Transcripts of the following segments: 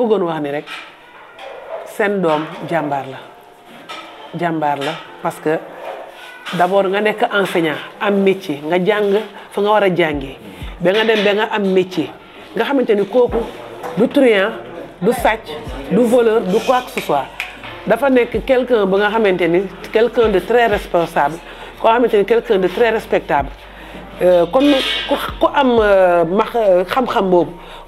bëggoon wax ni rek seen doom jàmbaar la jàmbaar la parce que d'abord nga nekk enseignant am métier nga jàng fa nga war a jàngee ba nga dem ba nga am métier nga xamante ni kooku du truand du sàcc du voleur du quoi que ce soit dafa nekk quelqu'un ba nga xamante ni quelqu'un de très responsable koo xamante ni quelqu'un de très respectable euh, comme ku am euh, max euh, xam-xam boobu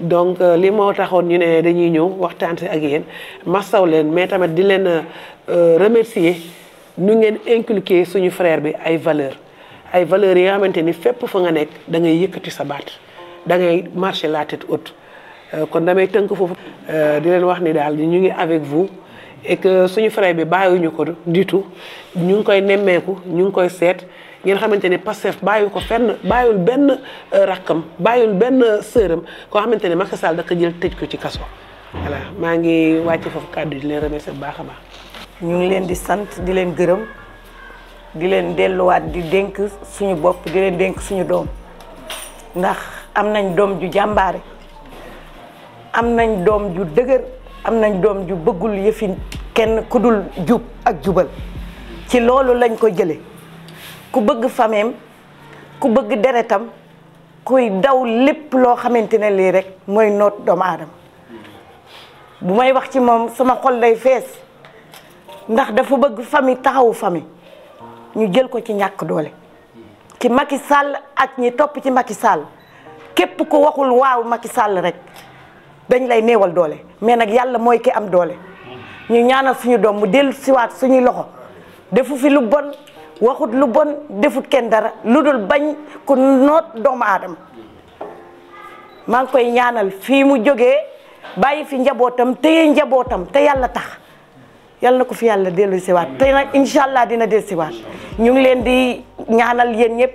donc euh, li mo taxone ñu né dañuy ñëw waxtaan ak yeen ma saw leen mais tamit di leen euh, remercier nu ngeen inculquer suñu frère bi ay valeur ay valeurs yi nga xamante ni fépp fa nga nekk da ngay yëkkati sa baat da ngay marcher la tête haute euh, kon damay tënk foofu di leen wax ni daal ñu ngi avec vous et que suñu frère bi bàyyiwuñu ko du tout ñu ngi koy nemmeeku ñu ngi koy seet ngeen xamante ne Pastef bàyyi ko fenn bàyyul benn euh, rakkam bàyyul benn euh, sëram koo xamante ne Macky Sall da ko jël tëj ci kaso maa ngi wàcc foofu kàddu di leen remercier bu baax a baax. ñu ngi leen di sant di leen gërëm di leen delluwaat di dénk suñu bopp di leen dénk suñu doom ndax am nañ doom ju jàmbaare am nañ doom ju dëgër am nañ doom ju bëggul yëfin kenn ku dul jub ak jubal ci loolu lañ ko jële ku bëgg fameem ku bëgg deretam kuy daw lépp loo xamante ne lii rek mooy noot doomu aadama bu may wax ci moom sama xol lay fees ndax dafa bëgg famille taxawu famille ñu jël ko ci ñàkk doole ki Macky Sall ak ñi topp ci Macky Sall képp ko waxul waaw Macky Sall rek dañ lay néewal doole mais nag yàlla mooy ki am doole ñu ñaanal suñu doom mu dellu siwaat suñuy loxo defu fi lu bon waxut lu bon defut kenn dara lu dul bañ ku noot doomu aadama maa ngi koy ñaanal fii mu jógee bàyyi fi njabootam téye njabootam te yàlla tax yàlla na ko fi yàlla dellusiwaat siwaat te nag incha allah dina dellu ñu ngi leen di ñaanal yéen ñëpp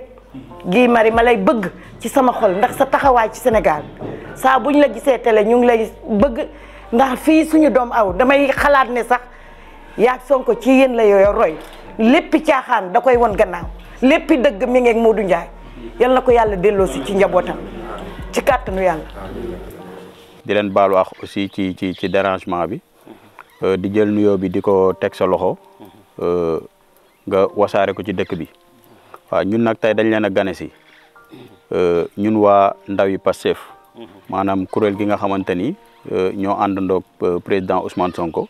gii mari ma lay bëgg ci sama xol ndax sa taxawaay ci Sénégal saa buñ la gisee télé ñu ngi lay bëgg ndax fii suñu doom aw damay xalaat ne sax yaag Sonko ci yéen la yooyu roy léppi caaxaan da koy won gannaaw léppi dëgg mi moo du Ndiaye yal na ko yàlla delloosi ci njabootam ci kàttanu yàlla. di leen baalu wax aussi ci ci ci dérangement bi euh, di jël nuyoo bi di ko teg sa loxo euh, nga wasaare ko ci dëkk bi waaw ñun nag tey dañ leen a gane si euh, ñun waa ndaw yi Pastef maanaam kuréel gi nga xamante ni ñoo àndandoo président Ousmane Sonko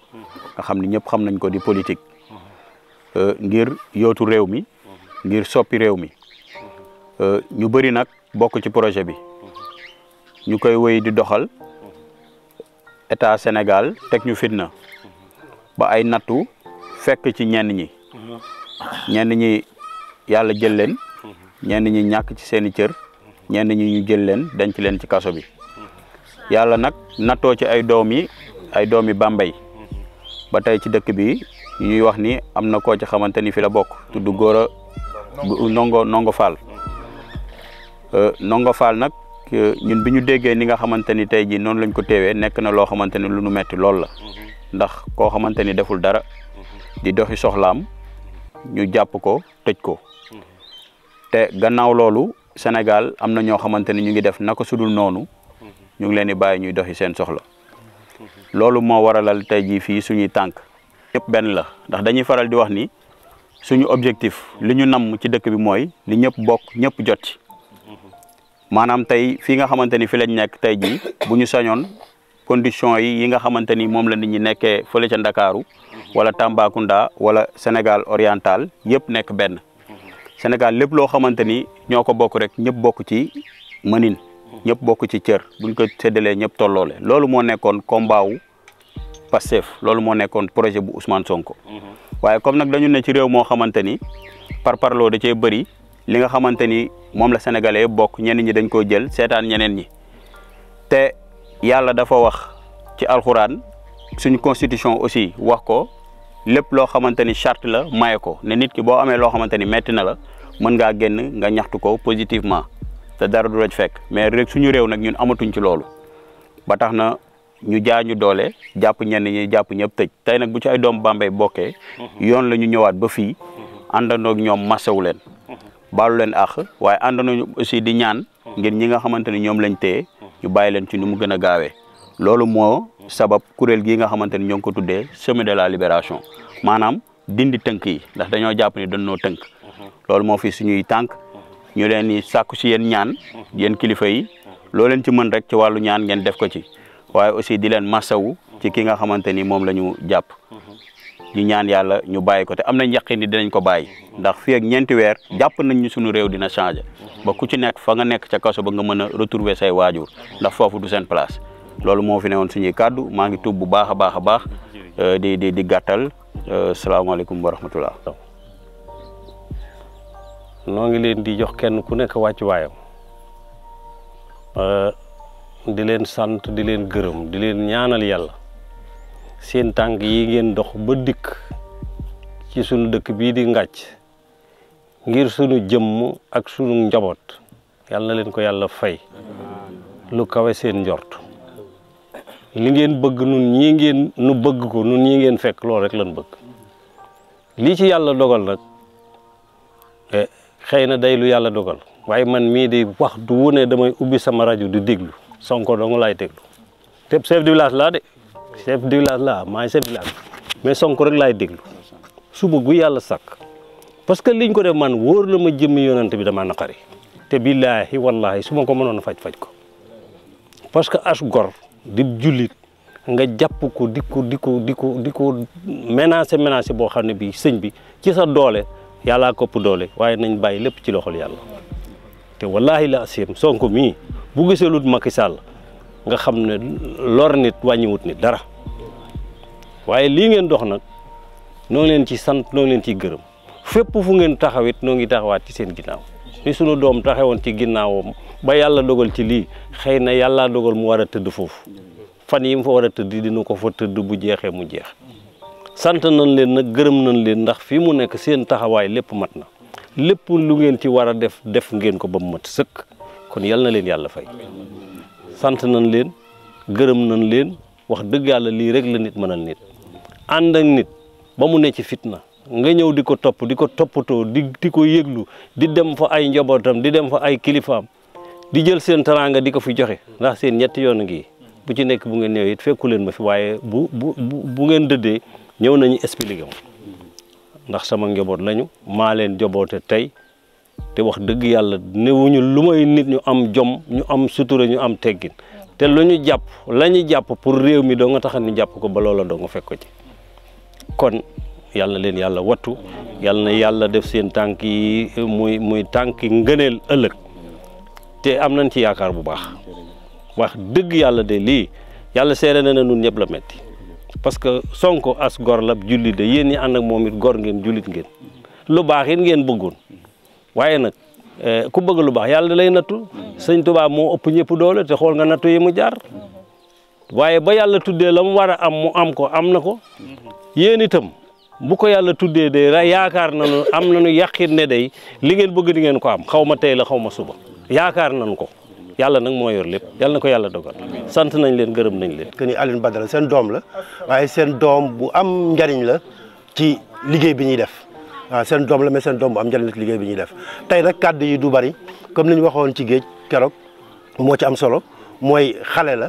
nga xam ni ñëpp xam nañ ko di politique. Euh, ngir yootu réew mi ngir soppi réew mi euh, ñu bëri nag bokk ci projet bi ñu koy wéy di doxal état Sénégal teg ñu fitna ba ay nattu fekk ci ñenn ñi ñenn ñi yàlla jël leen ñenn ñi ñàkk ci seeni cër ñenn ñi ñu jël leen denc leen ci kaso bi yàlla nag nattoo ci ay doom yi ay doom yi ba tey ci dëkk bi ñuy wax ni am na koo ci xamanteni fi la bokk tudd góor nongo nongo fall euh, nongo fall nag euh, ñun bi ñu déggee ni nga xamanteni ni tey non noonu lañ ko téewee nekk na loo xamanteni lu nu metti lool la ndax koo xamanteni deful dara di doxi soxlaam ñu jàpp ko tëj ko te gannaaw loolu Sénégal am na ñoo xamante ñu ngi def naka sudul nonu ñu ngi leen di bàyyi ñuy doxi seen soxla loolu moo waralal tey ji fii suñuy tànk yëpp benn la ndax dañuy faral di wax ni suñu objectif li ñu nam ci dëkk bi mooy li ñëpp bokk ñëpp jot ci maanaam tey fii nga xamante ni fi lañ nekk tey jii bu ñu sañoon condition yi yi nga xamante ni moom la nit ñi nekkee fële ca Ndakaaru wala Tambacounda wala Sénégal oriental yëpp nekk benn Sénégal lépp loo xamante ni ñoo ko bokk rek ñëpp bokk ci mënin ñëpp bokk ci cër buñ ko séddalee ñëpp tolloole loolu moo nekkoon kombaaw Pastef loolu moo nekkoon projet bu Ousmane Sonko. Mhm. waaye comme nag dañu ne ci réew moo xamante ni par parloo da cee bëri li nga xamante ni moom la sénégalais yëpp bokk ñi dañ koo jël seetaan ñeneen ñi te yàlla dafa wax ci alxuraan suñu constitution aussi wax ko lépp loo xamante ni charte la maye ko ne nit ki boo amee loo xamante ni metti na la mën ngaa génn nga ñaxtu ko positivement dara du fekk mais rek suñu réew nag ñun amatuñ ci ba ñu ñu doole jàpp ñenn ñi jàpp ñëpp tëj tey nag bu ci ay doomu Bambey bokkee yoon la ñu ñëwaat ba fii àndandoog ñoom masawu leen baalu leen àq waaye àndandoo aussi di ñaan ngir ñi nga xamante ne ñoom lañ téye ñu bàyyi leen ci nu mu gën a gaawee loolu moo sabab kuréel gii nga xamante ni ñoo ngi ko tuddee seme de la libération maanaam dindi tënk yi ndax dañoo jàpp ni noo tënk loolu moo fi suñuy tànk ñu leen ni sàkku si yéen ñaan yéen kilifa yi loo leen ci mën rek ci wàllu ñaan ngeen def ko ci waye aussi di len masawu ci ki nga xamanteni mom moom japp ñu ñaan yalla ñu bàyyi ko te amna nañ dinañ ko bayyi ndax fi ak ñenti wër japp nañ ñu suñu réew dina changer ba ku ci nekk fa nga nekk ca kasso ba nga mëna retrouver say wajur ndax fofu du sen place lolu mo fi neewon suñu kaddu ma ngi tub bu baaxa baaxa baax euh, di di di di assalamu euh, alaykum wa rahmatullah no ngi leen di jox kenn ku nekk di leen sant di leen gërëm di leen ñaanal yàlla seen tànk yi ngeen dox ba dikk ci sunu dëkk bii di ngàcc ngir sunu jëmm ak sunu njaboot yàlla leen ko yàlla fay lu kawe seen njort li ngeen bëgg nun ñii ngeen nu bëgg ko nun ñii ngeen fekk rek lan bëgg lii ci yàlla dogal nag eh, xëy na day lu yàlla dogal waaye man mii di wax du wone damay ubbi sama rajo di déglu Sonko dong laay déglu te chef de village laa de chef de village laa maay chef de village mais Sonko rek laay déglu suba gu yàlla sakk parce que liñ ko def man wóor la ma jëmmi yonent bi dama naqari te billaahi wallaahi su ma ko mënoon faj faj ko parce que as gor di jullit nga jàpp ko di ko di ko di ko di ko menacé menacé boo xam ne bii sëñ bi ci sa doole yàllaa kopp doole waaye nañ bàyyi lépp ci loxol yàlla te wallaahi la asim Sonko mii bu gisalut Macky Sall nga xam ne lor nit wàññiwut nit dara waaye lii ngeen dox nag noo leen ci sant noo leen ciy gërëm fépp fu ngeen taxawit noo ngi taxawaat ci seen ginnaaw ni sunu doom taxewoon ci ginnaawam ba yàlla dogal ci lii xëy na yàllaa dogal mu war a tëdd foofu fan yi mu fa war a tëdd dina ko fa tëdd bu jeexee mu jeex sant nañ leen nag gërëm nañ leen ndax fii mu nekk seen taxawaay lépp mat na lépp lu ngeen ci war a def def ngeen ko ba mu mat sëkk kon yal na leen yàlla fay sant nañ leen gërëm nañ leen wax dëgg yàlla lii rek la nit ma mënal nit ànd ak nit ba mu nekk ci fitna nga ñëw di ko topp di ko toppatoo di di ko yëglu di dem fa ay njabootam di dem fa ay kilifaam di jël seen teraanga di ko fi joxe ndax seen ñetti yoon ngi bu ci nekk bu ngeen ñëwee it fekku leen ma fi waaye bu bu bu ngeen dëddee ñëw nañu expliqué ma ndax sama njaboot lañu maa leen joboote tey te wax dëgg yàlla newuñu lu may nit ñu am jom ñu am sutura ñu am teggin te lu ñu jàpp la jàpp pour réew mi doo nga tax ñu jàpp ko ba loola doo nga fekk ko ci kon yàlla leen yàlla wattu yàlla na yàlla def seen tànk yi muy muy tànk ngëneel ëllëg te am nañ ci yaakaar bu baax wax dëgg yàlla de lii yàlla seere na ne nun ñëpp la metti parce que Sonko as gor la jullit de yéen ñi ànd ak moom it gor ngeen jullit ngeen lu baax it ngeen bëggoon waaye nag eh, ku bëgg lu baax yàlla lay nattu sëñ Tuubaa moo ëpp ñëpp doole te xool nga nattu yi mu jaar waaye ba yàlla tuddee la mu war a am mu am ko am na ko yéen itam bu ko yàlla tuddee day ra yaakaar nañu am nañu yàqit ne day li ngeen bëgg di ngeen ko am xaw ma tey la xaw ma suba yaakaar nañu ko yàlla nag moo yor lépp yàlla na ko yàlla dogal sant nañ leen gërëm nañ leen. que ni Alioune Badara seen doom la waaye seen doom bu am njariñ la ci liggéey bi ñuy def. waaw seen doom la mais seen doom bu am njëriñ liggéey bi ñuy def tey nag kàdd yi du bari comme ni ñu waxoon ci géej keroog moo ci am solo mooy xale la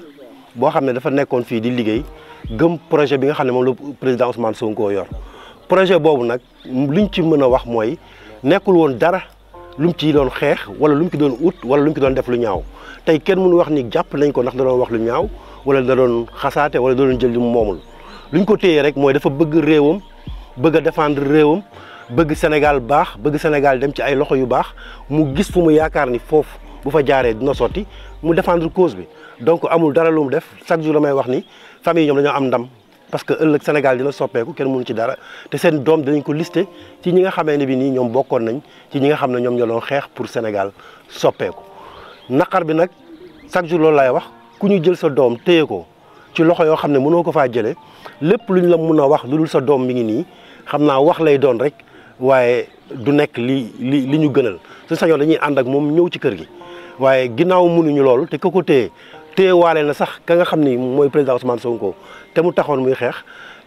boo xam ne dafa nekkoon fii di liggéey gëm projet bi nga xam ne moom la président Ousmane Sonko yor projet boobu nag liñ ci mën a wax mooy nekkul woon dara lu mu ci doon xeex wala lu mu ci doon ut wala lu mu ci doon def lu ñaaw tey kenn munu wax ni jàpp nañ ko ndax da doon wax lu ñaaw wala da doon xasaate wala da doon jël lu moomul luñ ko téye rek mooy dafa bëgg réewam bëgg a défendre réewam bëgg Sénégal baax bëgg Sénégal dem ci ay loxo yu baax mu gis fu mu yaakaar ni foofu bu fa jaaree dina sotti mu défendre cause bi donc amul dara lu mu def chaque jour damay wax ni famille ñoom dañoo am ndam parce que ëllëg Sénégal dina soppeeku kenn mënu ci dara te seen doom dinañ ko listé ci ñi nga xamee ne bi nii ñoom bokkoon nañ ci ñi nga xam ne ñoom ñoo xeex pour Sénégal soppeeku naqar bi nag chaque jour loolu lay wax ku ñu jël sa doom téye ko ci loxo yoo xam ne mënoo ko faa jëlee lépp lu la mun a wax lu dul sa doom mi ngi nii xam naa wax lay doon rek waaye du nekk li li li ñu gënal su sañoon dañuy ànd ak moom ñëw ci kër gi waaye ginnaaw mënuñu loolu te ko ko téye téye waale na sax ka nga xam ni mooy président Ousmane ko te mu taxoon muy xeex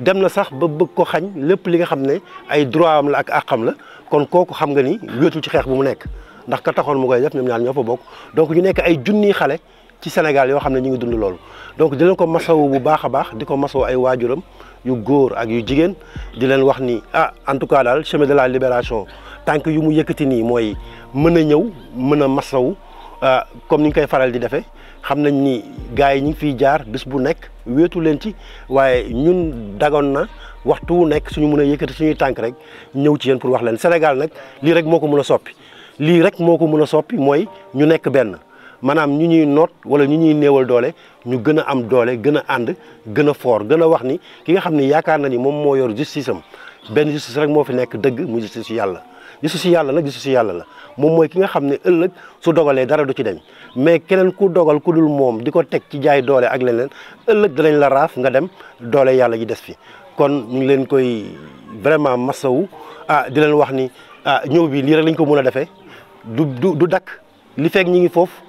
dem na sax ba bëgg ko xañ lépp li nga xam ne ay droit am la ak àqam la kon kooku xam nga ni wéetul ci xeex bu mu nekk ndax ka taxoon mu koy def ñoom ñaan ñoo fa bokk donc ñu nekk ay junniy xale ci Sénégal yoo xam ne ñu ngi dund loolu donc di leen ko masawu bu baax a baax di ko masawu ay waajuram yu góor ak yu jigéen di leen wax ni ah en tout cas daal chemin de la libération tànk yu mu yëkkati nii mooy mën a ñëw mën a masawu ah, comme ni ñu koy faral di defee xam nañ ni gars yi ñu ngi fiy jaar bés bu nekk weetu leen ci waaye ñun dagoon na waxtu wu nekk suñu mën a yëkkati suñuy tànk rek ñëw ci yéen pour wax leen Sénégal nag lii rek moo ko mën a soppi lii rek moo ko mën a soppi mooy ñu nekk benn. maanaam ñu ñuy noot wala ñu ñuy néewal doole ñu gën a am doole gën a ànd gën a foor gën a wax ni ki nga xam ni yaakaar na ni moom moo yor justice benn justice rek moo fi nekk dëgg mu justice yàlla justice yàlla nag justice yàlla la moom mooy ki nga xam ne ëllëg su dogalee dara du ci dem mais keneen ku dogal ku dul moom di ko teg ci jaay doole ak leneen ëllëg danañ la raaf nga dem doole yàlla ji des fi kon ñu ngi leen koy vraiment masawu ah di leen wax ni ah ñëw bi lii rek lañ ko mën a defee du du du ngi foofu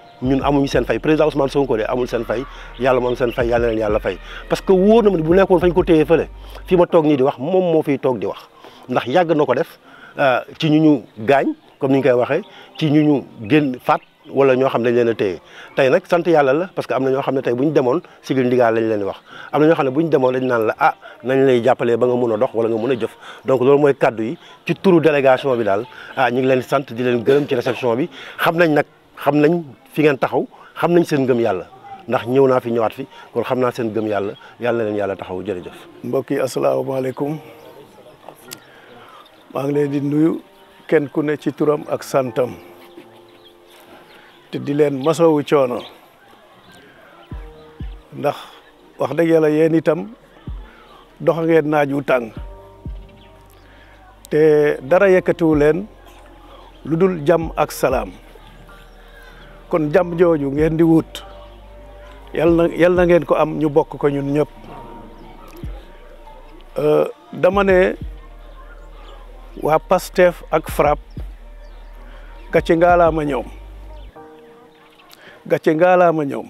ñun amuñ seen fay président Ousmane Sonko de amul seen fay yàlla moom seen fay yàlla na leen yàlla fay parce que wóor na ma bu nekkoon fañ ko téye fële fi ma toog nii di wax moom moo fiy toog di wax ndax yàgg na ko def euh, ci ñu ñu gaañ comme ni ñu koy waxee ci ñu ñu génn faat wala ñoo xam ne dañ a téye tey nag sant yàlla la parce que am na ñoo xam ne tey bu ñu demoon sigil ndigaal lañ leen di wax am na ñoo xam ne bu ñu demoon dañ naan la ah nañ lay jàppalee ba nga mun a dox wala nga mun a jëf donc loolu mooy kaddu yi ci turu délégation bi daal ah ñu ngi leen sant di leen gërëm ci réception bi xam nañ nag xam nañ fi ngeen taxaw xam nañ seen ngëm yàlla ndax ñëw naa fi ñëwaat fi kon xam naa seen gëm yàlla yàlla na leen yàlla taxaw jërëjëf. mbokk yi asalaamaaleykum maa ngi leen di nuyu kenn ku ne ci turam ak santam te di leen masawu coono ndax wax dëgg yàlla yéen itam dox ngeen naaj wu tàng te dara yëkkatiwu leen lu dul jàmm ak salaam. kon jàmm jooju ngeen di wut yal na yal ngeen ko am ñu bokk ko ñun ñëpp euh, damane waa Pastef ak FRAPP gàcce ngaalaama ñoom gàcce ngaalaama ñoom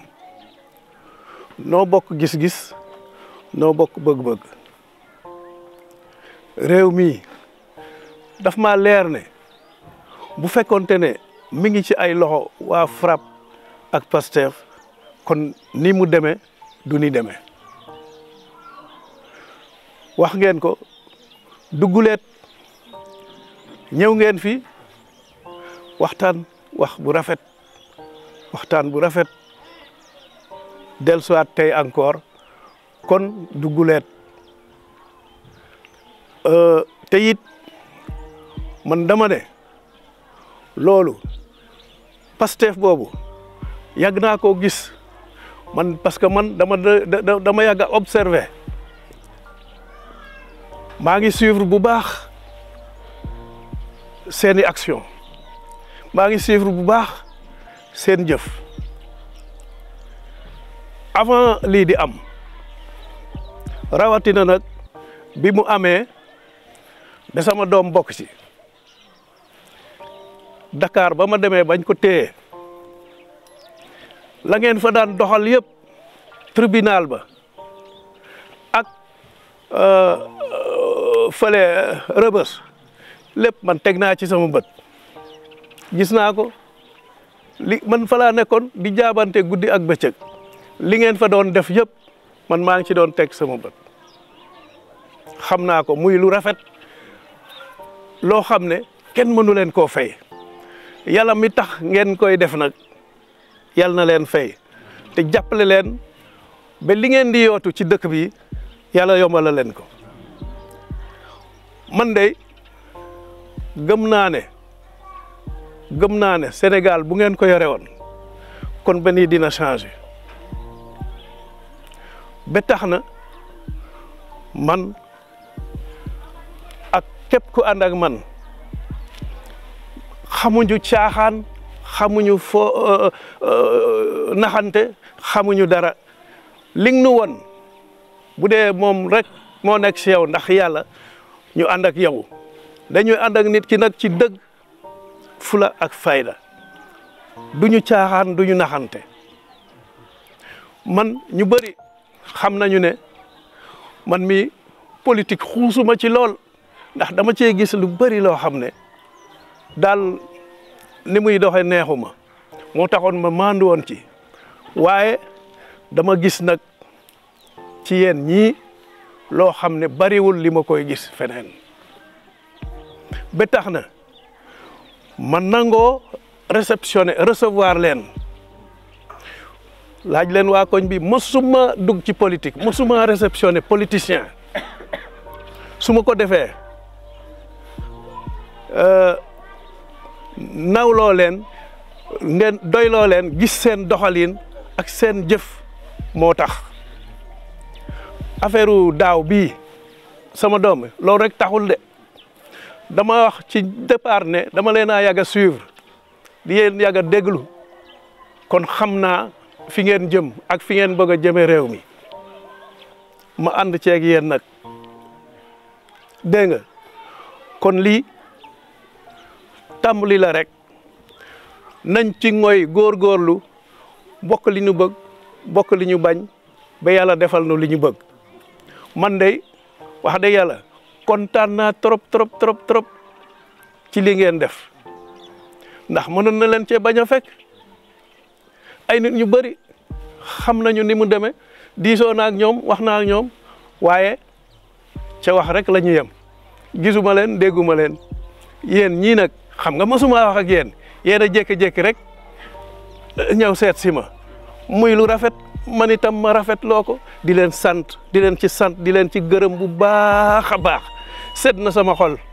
noo bokk gis-gis noo bokk bëgg-bëgg réew mi daf ma leer ne bu fekkonte ne mi ngi ci ay loxo waa frappe ak PASTEF kon ni mu demee du ni deme wax ngeen ko dugguleet ñëw ngeen fi waxtaan wax bu rafet waxtaan bu rafet suat tey encore kon dugguleet euh, te it man dama ne loolu Pastef bobu yàgg naa koo gis man parce que man dama dama yàgg observer ma ngi suivre bu bax sen action ma ngi suivre bu bax sen jëf avant li di am na nak bi mu amé da sama dom bok ci Dakar bama ma bany bañ ko téye la ngeen fa daan doxal tribunal ba ak euh, fele rebeus lepp man tegna ci sama bët gis na ko li man fa la nekkon di jabanté guddi ak beccëk li ngeen fa doon def yëpp man ma ngi ci doon tek sama bët xamna ko muy lu rafet lo xamne ken mënu len ko fay yàlla mi tax ngeen koy def nag yàlla na leen fay te jàppale leen ba li ngeen di yootu ci dëkk bi yàlla yombala leen ko man de gëm naa ne gëm naa ne Sénégal bu ngeen ko yore woon kon ba nii dina changé ba tax na man ak képp ku ànd man xamuñu caaxaan xamuñu fo euh, euh, euh, naxante xamuñu dara li nu woon bu dee moom rek moo nekk si yow ndax yàlla ñu ànd ak yow dañuy ànd ak nit ki nag ci dëgg fula ak fayda duñu caaxaan duñu naxante man ñu bari xam nañu ne man mi politique xuusuma ci lool ndax dama cee gis lu bëri loo xam ne daal ni muy doxee neexuma moo taxoon ma maandu ci waaye dama gis nag ci yéen ñii loo xam ne bariwul li ma koy gis feneen ba tax na ma nangoo réceptionner recevoir leen laaj leen waa koñ bi mosuma dugg ci politique mosuma réceptionner politicien su ma ko defee. Euh, nawloo leen ngeen doyloo leen gis seen doxaliin ak seen jëf moo tax affaire daaw bii sama doom loolu rek taxul de dama wax ci départ ne dama leen a yàgg a suivre di yéen yàgg déglu kon xam naa fi ngeen jëm ak fi ngeen bëgg a jëme réew mi ma ànd ceeg yéen nag dégg kon lii tàmbali la rek nañ ci ngoy góorlu bokk li ñu bëgg bokk li ñu bañ ba yàlla defal nu li ñu bëgg man day wax dëgg yàlla taan naa trop trop trop trop ci li ngeen def ndax mënoon na leen cee bañ a fekk ay nit ñu bari xam nañu ni mu demee diisoo naa ak ñoom wax naa ak ñoom waaye ca wax rek la ñu yem gisuma leen dégguma leen ñii nag xam nga mësuma wax ak yéen yéen a jékki-jékki rek ñëw seet si ma muy lu rafet man itam ma rafet loo ko di leen sant di leen ci sant di leen ci gërëm bu baax a baax sedd na sama xol.